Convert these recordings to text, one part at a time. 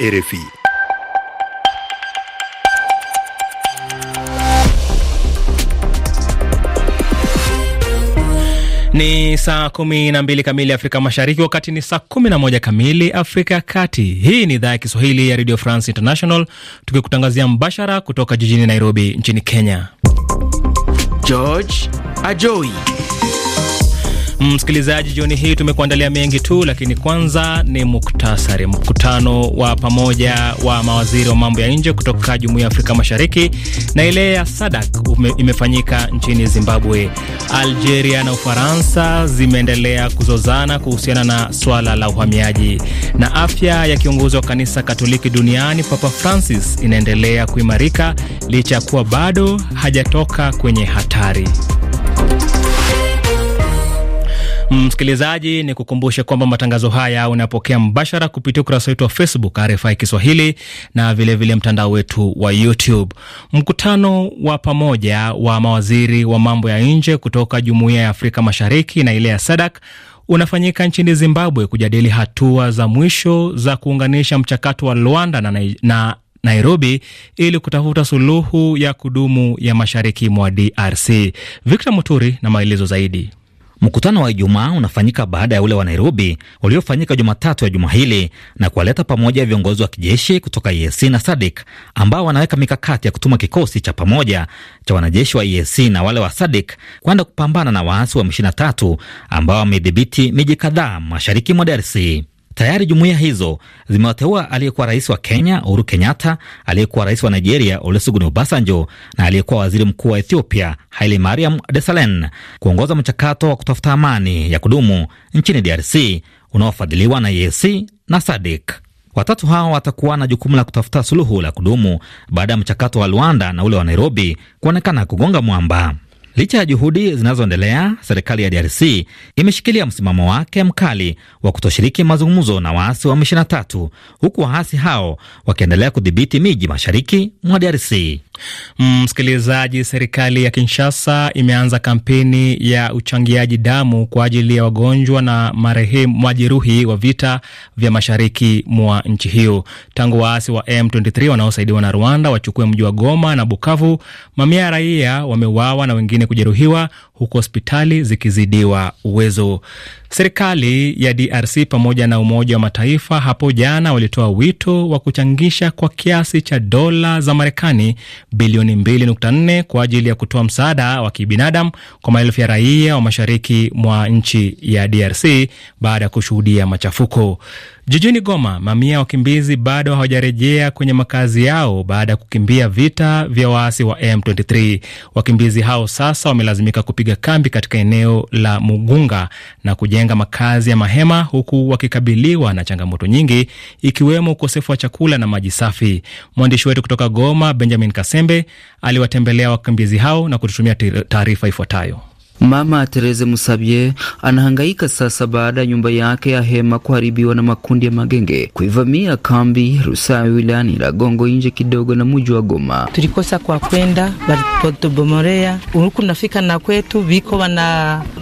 RFI. Ni saa kumi na mbili kamili Afrika Mashariki, wakati ni saa kumi na moja kamili Afrika ya Kati. Hii ni idhaa ya Kiswahili ya Radio France International, tukikutangazia mbashara kutoka jijini Nairobi nchini Kenya. George Ajoi Mm, msikilizaji, jioni hii tumekuandalia mengi tu, lakini kwanza ni muktasari. Mkutano wa pamoja wa mawaziri wa mambo ya nje kutoka Jumuiya ya Afrika Mashariki na ile ya ume, imefanyika nchini Zimbabwe. Algeria na Ufaransa zimeendelea kuzozana kuhusiana na swala la uhamiaji. Na afya ya kiongozi wa kanisa Katoliki duniani Papa Francis inaendelea kuimarika licha ya kuwa bado hajatoka kwenye hatari. Msikilizaji, ni kukumbushe kwamba matangazo haya unapokea mbashara kupitia ukurasa wetu wa Facebook RFI Kiswahili na vilevile mtandao wetu wa YouTube. Mkutano wa pamoja wa mawaziri wa mambo ya nje kutoka Jumuiya ya Afrika Mashariki na ile ya SADAK unafanyika nchini Zimbabwe kujadili hatua za mwisho za kuunganisha mchakato wa Luanda na, na Nairobi ili kutafuta suluhu ya kudumu ya mashariki mwa DRC. Victor Muturi na maelezo zaidi. Mkutano wa Ijumaa unafanyika baada ya ule wa Nairobi uliofanyika Jumatatu ya juma hili na kuwaleta pamoja viongozi wa kijeshi kutoka EAC na SADC ambao wanaweka mikakati ya kutuma kikosi cha pamoja cha wanajeshi wa EAC na wale wa SADC kwenda kupambana na waasi wa M23 ambao wamedhibiti miji kadhaa mashariki mwa DRC. Tayari jumuiya hizo zimewateua aliyekuwa rais wa Kenya Uhuru Kenyatta, aliyekuwa rais wa Nigeria Olusegun Obasanjo na aliyekuwa waziri mkuu wa Ethiopia Haile Mariam Desalegn kuongoza mchakato wa kutafuta amani ya kudumu nchini DRC unaofadhiliwa na EAC na SADC. Watatu hao watakuwa na jukumu la kutafuta suluhu la kudumu baada ya mchakato wa Luanda na ule wa Nairobi kuonekana kugonga mwamba. Licha ya juhudi zinazoendelea, serikali ya DRC imeshikilia msimamo wake mkali wa kutoshiriki mazungumzo na waasi wa M23, huku waasi hao wakiendelea kudhibiti miji mashariki mwa DRC. Mm, msikilizaji, serikali ya Kinshasa imeanza kampeni ya uchangiaji damu kwa ajili ya wagonjwa na marehemu majeruhi wa vita vya mashariki mwa nchi hiyo. Tangu waasi wa M23 wanaosaidiwa na Rwanda wachukue mji wa Goma na Bukavu, mamia ya raia wameuawa na wengine kujeruhiwa huku hospitali zikizidiwa uwezo. Serikali ya DRC pamoja na Umoja wa Mataifa hapo jana walitoa wito wa kuchangisha kwa kiasi cha dola za Marekani bilioni 2.4 kwa ajili ya kutoa msaada wa kibinadamu kwa maelfu ya raia wa mashariki mwa nchi ya DRC baada ya kushuhudia machafuko. Jijini Goma, mamia ya wakimbizi bado hawajarejea kwenye makazi yao baada ya kukimbia vita vya waasi wa M23. Wakimbizi hao sasa wamelazimika kupiga kupiga kambi katika eneo la Mugunga na kujenga makazi ya mahema, huku wakikabiliwa na changamoto nyingi ikiwemo ukosefu wa chakula na maji safi. Mwandishi wetu kutoka Goma, Benjamin Kasembe, aliwatembelea wakimbizi hao na kututumia taarifa ifuatayo. Mama Therese Musabye anahangaika sasa baada ya nyumba yake ya hema kuharibiwa na makundi ya magenge kuivamia kambi wilani la Gongo nje kidogo na muji wa Goma. Tulikosa kwa kwenda, walitubomorea huku nafika na kwetu viko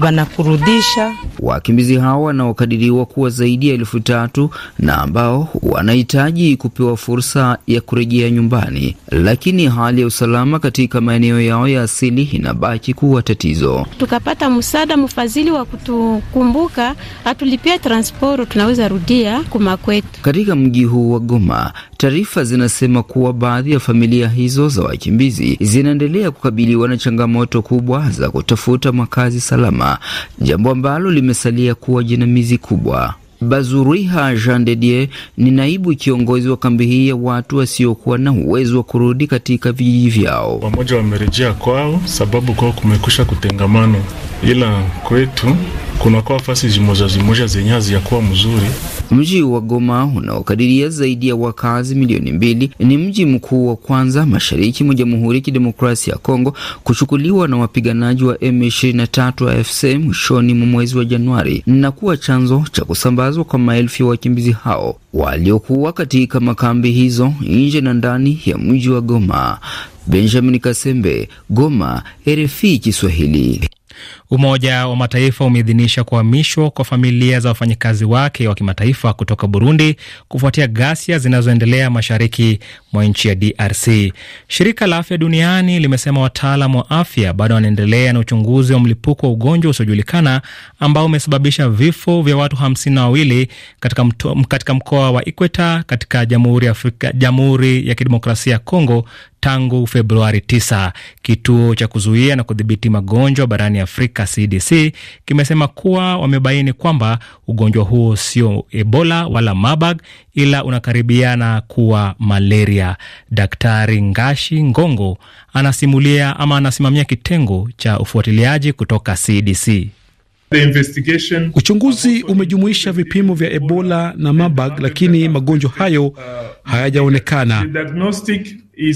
wanakurudisha. Wakimbizi hao wanaokadiriwa kuwa zaidi ya elfu tatu na ambao wanahitaji kupewa fursa ya kurejea nyumbani, lakini hali ya usalama katika maeneo yao ya asili inabaki kuwa tatizo tukapata msaada mfadhili wa kutukumbuka atulipia transporo, tunaweza rudia kwetu. Katika mji huu wa Goma, taarifa zinasema kuwa baadhi ya familia hizo za wakimbizi zinaendelea kukabiliwa na changamoto kubwa za kutafuta makazi salama, jambo ambalo limesalia kuwa jinamizi kubwa. Bazuriha Jean de Dieu ni naibu kiongozi wa kambi hii ya watu wasiokuwa na uwezo wa kurudi katika vijiji vyao. Wamoja wamerejea kwao, sababu kwao kumekusha kutengamano, ila kwetu kunakuwa fasi zimoja zimoja zenye haziyakuwa mzuri. Mji wa Goma unaokadiria zaidi ya wakazi milioni mbili ni mji mkuu wa kwanza mashariki mwa Jamhuri ya Kidemokrasia ya Kongo kuchukuliwa na wapiganaji wa M23 AFC mwishoni mwa mwezi wa Januari na kuwa chanzo cha kusambazwa kwa maelfu ya wakimbizi hao waliokuwa katika makambi hizo nje na ndani ya mji wa Goma. Benjamin Kasembe, Goma, RFI Kiswahili. Umoja wa Mataifa umeidhinisha kuhamishwa kwa familia za wafanyakazi wake wa kimataifa kutoka Burundi kufuatia ghasia zinazoendelea mashariki mwa nchi ya DRC. Shirika la Afya Duniani limesema wataalam wa afya bado wanaendelea na uchunguzi wa mlipuko wa ugonjwa usiojulikana ambao umesababisha vifo vya watu hamsini na wawili katika, katika mkoa wa Ikweta katika Jamhuri ya Kidemokrasia ya Kongo tangu Februari 9. Kituo cha kuzuia na kudhibiti magonjwa barani Afrika CDC kimesema kuwa wamebaini kwamba ugonjwa huo sio Ebola wala Marburg ila unakaribiana kuwa malaria. Daktari Ngashi Ngongo anasimulia ama anasimamia kitengo cha ufuatiliaji kutoka CDC. uchunguzi umejumuisha vipimo vya Ebola na Marburg, lakini magonjwa hayo hayajaonekana.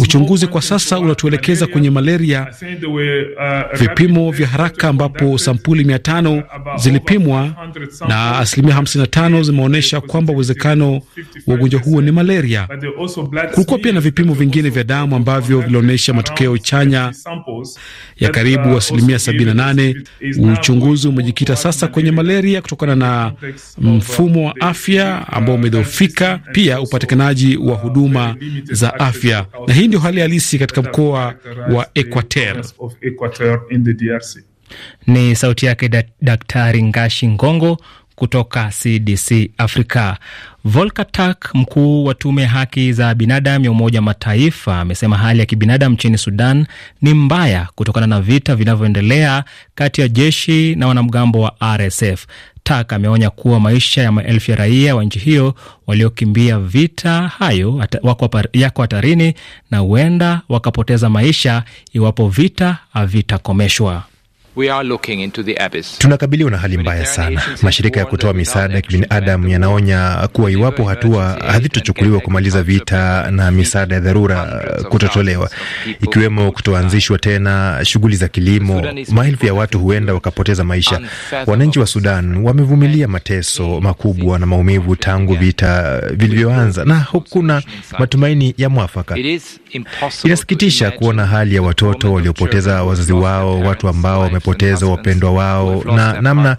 Uchunguzi kwa sasa unatuelekeza kwenye malaria, uh, vipimo vya haraka ambapo sampuli mia tano uh, zilipimwa na asilimia 55 zimeonyesha kwamba uwezekano wa ugonjwa huo ni malaria. Kulikuwa pia na vipimo vingine vya damu ambavyo vilionyesha matokeo chanya ya karibu uh, asilimia 78. Uchunguzi umejikita sasa kwenye malaria kutokana na mfumo wa afya ambao umedhoofika, pia upatikanaji wa huduma za afya na hii ndio hali halisi katika mkoa wa Equateur. Ni sauti yake Daktari Ngashi Ngongo kutoka CDC Afrika. Volker Turk, mkuu wa tume ya haki za binadamu ya Umoja Mataifa, amesema hali ya kibinadamu nchini Sudan ni mbaya kutokana na vita vinavyoendelea kati ya jeshi na wanamgambo wa RSF. Turk ameonya kuwa maisha ya maelfu ya raia wa nchi hiyo waliokimbia vita hayo yako hatarini na huenda wakapoteza maisha iwapo vita havitakomeshwa. Tunakabiliwa na hali mbaya sana. Mashirika ya kutoa misaada ya kibinadamu yanaonya kuwa iwapo hatua hazitochukuliwa kumaliza vita na misaada ya dharura kutotolewa, ikiwemo kutoanzishwa tena shughuli za kilimo, maelfu ya watu huenda wakapoteza maisha. Wananchi wa Sudan wamevumilia mateso makubwa na maumivu tangu vita vilivyoanza, na hakuna matumaini ya mwafaka. Inasikitisha kuona hali ya watoto waliopoteza wazazi wao, watu ambao wamepoteza wapendwa wao na namna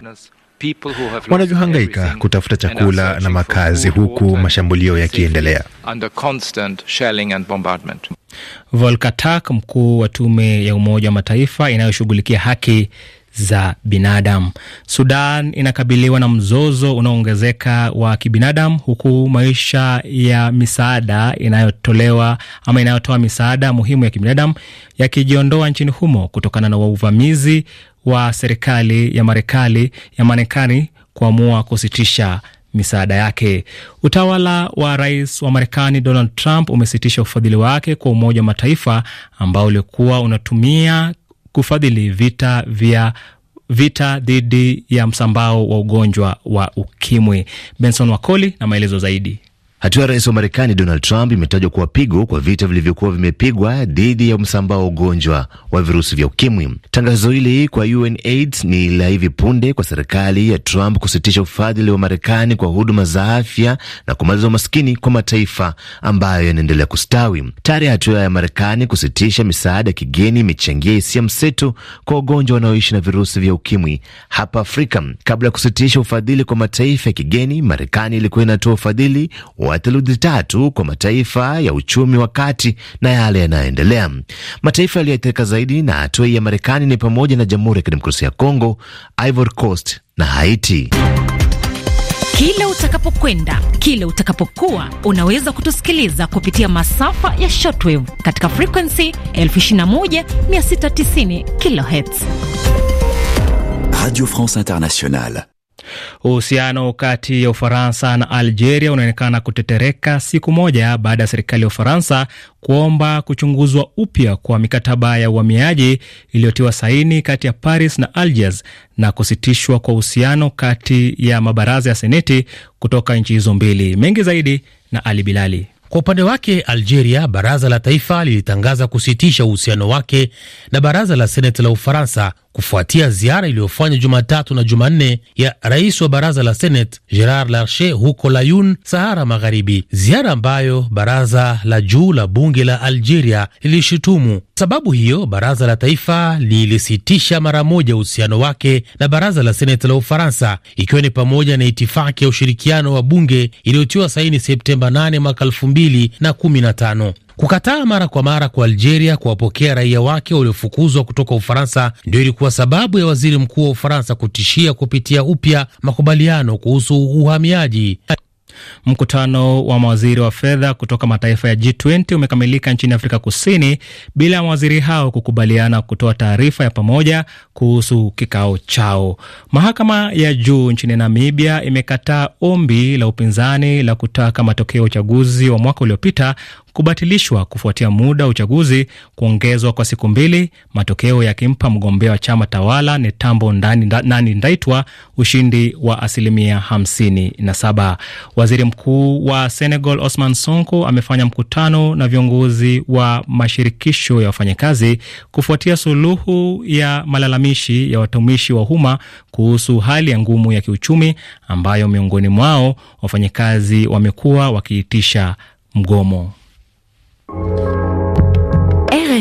wanavyohangaika kutafuta chakula na makazi huku mashambulio yakiendelea. Volker Turk, mkuu wa tume ya Umoja wa Mataifa inayoshughulikia haki za binadamu. Sudan inakabiliwa na mzozo unaoongezeka wa kibinadamu, huku maisha ya misaada inayotolewa ama inayotoa misaada muhimu ya kibinadamu yakijiondoa nchini humo kutokana na uvamizi wa serikali ya Marekani ya Marekani kuamua kusitisha misaada yake. Utawala wa rais wa Marekani Donald Trump umesitisha ufadhili wake kwa Umoja wa Mataifa ambao ulikuwa unatumia kufadhili vita vya vita dhidi ya msambao wa ugonjwa wa ukimwi. Benson Wakoli na maelezo zaidi. Hatua ya rais wa Marekani Donald Trump imetajwa kuwa pigo kwa vita vilivyokuwa vimepigwa dhidi ya msambao wa ugonjwa wa virusi vya ukimwi. Tangazo hili kwa UNAIDS ni la hivi punde kwa serikali ya Trump kusitisha ufadhili wa Marekani kwa huduma za afya na kumaliza umaskini kwa mataifa ambayo yanaendelea kustawi. Tayari hatua ya Marekani kusitisha misaada ya kigeni imechangia hisia mseto kwa wagonjwa wanaoishi na virusi vya ukimwi hapa Afrika. Kabla ya kusitisha ufadhili kwa mataifa ya kigeni, Marekani ilikuwa inatoa ufadhili wa wa theluthi tatu kwa mataifa ya uchumi wa kati na yale yanayoendelea. Mataifa yaliyoathirika zaidi na hatua ya Marekani ni pamoja na Jamhuri ya Kidemokrasia ya Kongo, Ivory Coast na Haiti. Kile utakapokwenda, kile utakapokuwa, unaweza kutusikiliza kupitia masafa ya shortwave katika frequency 21690 kilohertz. Radio France Internationale. Uhusiano kati ya Ufaransa na Algeria unaonekana kutetereka siku moja baada ya serikali ya Ufaransa kuomba kuchunguzwa upya kwa mikataba ya uhamiaji iliyotiwa saini kati ya Paris na Algiers na kusitishwa kwa uhusiano kati ya mabaraza ya seneti kutoka nchi hizo mbili. Mengi zaidi na Ali Bilali. Kwa upande wake Algeria, baraza la taifa lilitangaza kusitisha uhusiano wake na baraza la seneti la Ufaransa kufuatia ziara iliyofanywa Jumatatu na Jumanne ya rais wa baraza la Senate Gerard Larcher huko Layun, Sahara Magharibi, ziara ambayo baraza la juu la bunge la Algeria lilishutumu. Sababu hiyo baraza la taifa lilisitisha mara moja uhusiano wake na baraza la Senate la Ufaransa, ikiwa ni pamoja na itifaki ya ushirikiano wa bunge iliyotiwa saini Septemba 8 mwaka 2015. Kukataa mara kwa mara kwa Algeria kuwapokea raia wake waliofukuzwa kutoka Ufaransa ndio ilikuwa sababu ya waziri mkuu wa Ufaransa kutishia kupitia upya makubaliano kuhusu uhamiaji. Mkutano wa mawaziri wa fedha kutoka mataifa ya G20 umekamilika nchini Afrika Kusini bila ya mawaziri hao kukubaliana kutoa taarifa ya pamoja kuhusu kikao chao. Mahakama ya juu nchini Namibia imekataa ombi la upinzani la kutaka matokeo ya uchaguzi wa mwaka uliopita kubatilishwa kufuatia muda wa uchaguzi kuongezwa kwa siku mbili, matokeo yakimpa mgombea wa chama tawala Netambo Nani Ndaitwa ushindi wa asilimia 57. Waziri mkuu wa Senegal Osman Sonko amefanya mkutano na viongozi wa mashirikisho ya wafanyakazi kufuatia suluhu ya malalamishi ya watumishi wa umma kuhusu hali ya ngumu ya kiuchumi ambayo miongoni mwao wafanyakazi wamekuwa wakiitisha mgomo.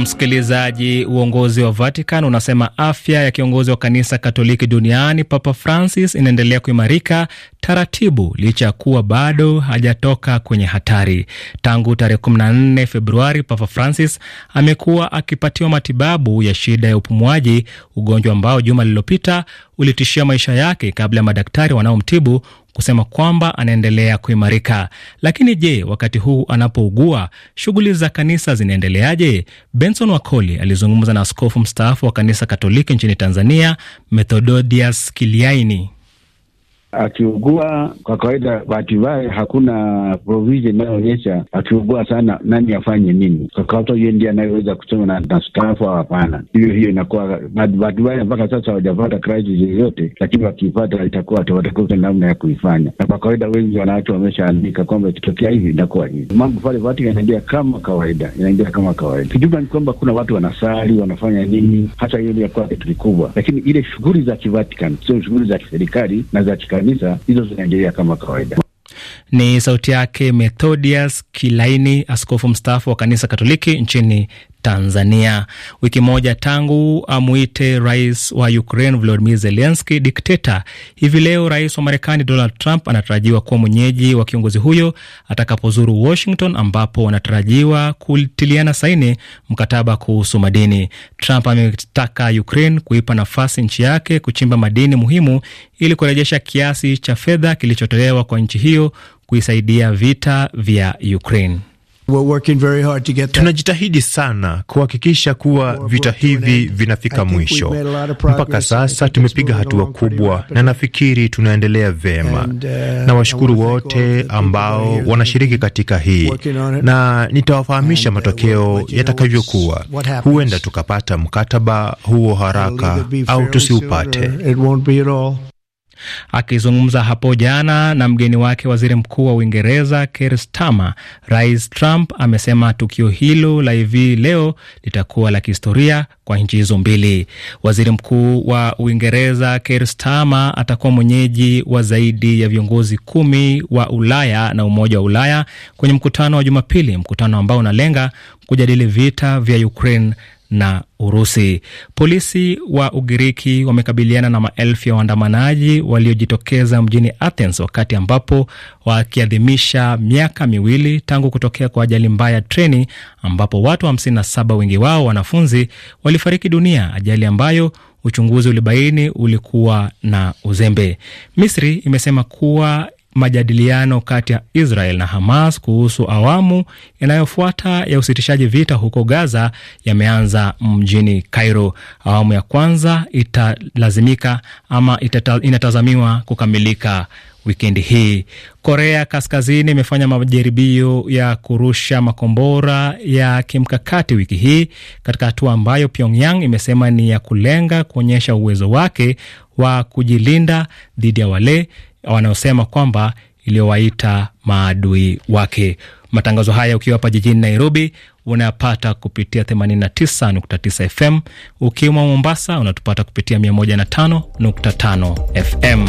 Msikilizaji, mm, uongozi wa Vatican unasema afya ya kiongozi wa kanisa Katoliki duniani Papa Francis inaendelea kuimarika taratibu licha ya kuwa bado hajatoka kwenye hatari. Tangu tarehe 14 Februari, Papa Francis amekuwa akipatiwa matibabu ya shida ya upumuaji, ugonjwa ambao juma lililopita ulitishia maisha yake kabla ya madaktari wanaomtibu kusema kwamba anaendelea kuimarika. Lakini je, wakati huu anapougua shughuli za kanisa zinaendeleaje? Benson Wakoli alizungumza na askofu mstaafu wa kanisa Katoliki nchini Tanzania, methododius Kiliaini akiugua kwa kawaida, bahati mbaya hakuna provision inayoonyesha akiugua sana nani afanye nini. Kakata hiyo ndiye anayeweza kusema na, na stafu au hapana. Hiyo hiyo inakuwa bahati mbaya, mpaka sasa hawajapata crisis yoyote, lakini wakiipata itakuwa watakuta namna ya kuifanya, na kwa kawaida wengi wanawake wameshaandika kwamba ikitokea hivi inakuwa hivi. Mambo pale Vatican yanaingia kama kawaida, yanaingia kama kawaida. Kijumla ni kwamba kuna watu wanasali, wanafanya nini, hata hiyo ni yakuwa kitu kikubwa, lakini ile shughuli za Kivatican sio shughuli za kiserikali na za kika kanisa hizo zinaendelea kama kawaida. Ni sauti yake Methodius Kilaini, askofu mstaafu wa kanisa Katoliki nchini Tanzania. Wiki moja tangu amwite rais wa Ukraine Volodymyr Zelensky dikteta, hivi leo rais wa Marekani Donald Trump anatarajiwa kuwa mwenyeji wa kiongozi huyo atakapozuru Washington, ambapo wanatarajiwa kutiliana saini mkataba kuhusu madini. Trump ametaka Ukraine kuipa nafasi nchi yake kuchimba madini muhimu ili kurejesha kiasi cha fedha kilichotolewa kwa nchi hiyo kuisaidia vita vya Ukraine. Tunajitahidi sana kuhakikisha kuwa vita hivi vinafika mwisho. Mpaka sasa tumepiga hatua kubwa, na nafikiri tunaendelea vema uh, Na washukuru wote ambao wanashiriki katika hii, na nitawafahamisha uh, matokeo yatakavyokuwa. Huenda tukapata mkataba huo haraka au tusiupate. Akizungumza hapo jana na mgeni wake waziri mkuu wa Uingereza Keir Starmer, Rais Trump amesema tukio hilo la hivi leo litakuwa la kihistoria kwa nchi hizo mbili. Waziri mkuu wa Uingereza Keir Starmer atakuwa mwenyeji wa zaidi ya viongozi kumi wa Ulaya na Umoja wa Ulaya kwenye mkutano wa Jumapili, mkutano ambao unalenga kujadili vita vya Ukraine na Urusi. Polisi wa Ugiriki wamekabiliana na maelfu ya waandamanaji waliojitokeza mjini Athens wakati ambapo wakiadhimisha miaka miwili tangu kutokea kwa ajali mbaya treni ambapo watu 57 wa wengi wao wanafunzi walifariki dunia, ajali ambayo uchunguzi ulibaini ulikuwa na uzembe. Misri imesema kuwa majadiliano kati ya Israel na Hamas kuhusu awamu inayofuata ya usitishaji vita huko Gaza yameanza mjini Cairo. Awamu ya kwanza italazimika ama itata, inatazamiwa kukamilika wikendi hii. Korea Kaskazini imefanya majaribio ya kurusha makombora ya kimkakati wiki hii katika hatua ambayo Pyongyang imesema ni ya kulenga kuonyesha uwezo wake wa kujilinda dhidi ya wale wanaosema kwamba iliyowaita maadui wake. Matangazo haya ukiwa hapa jijini Nairobi unayapata kupitia 89.9 FM. Ukiwa Mombasa unatupata kupitia 105.5 FM.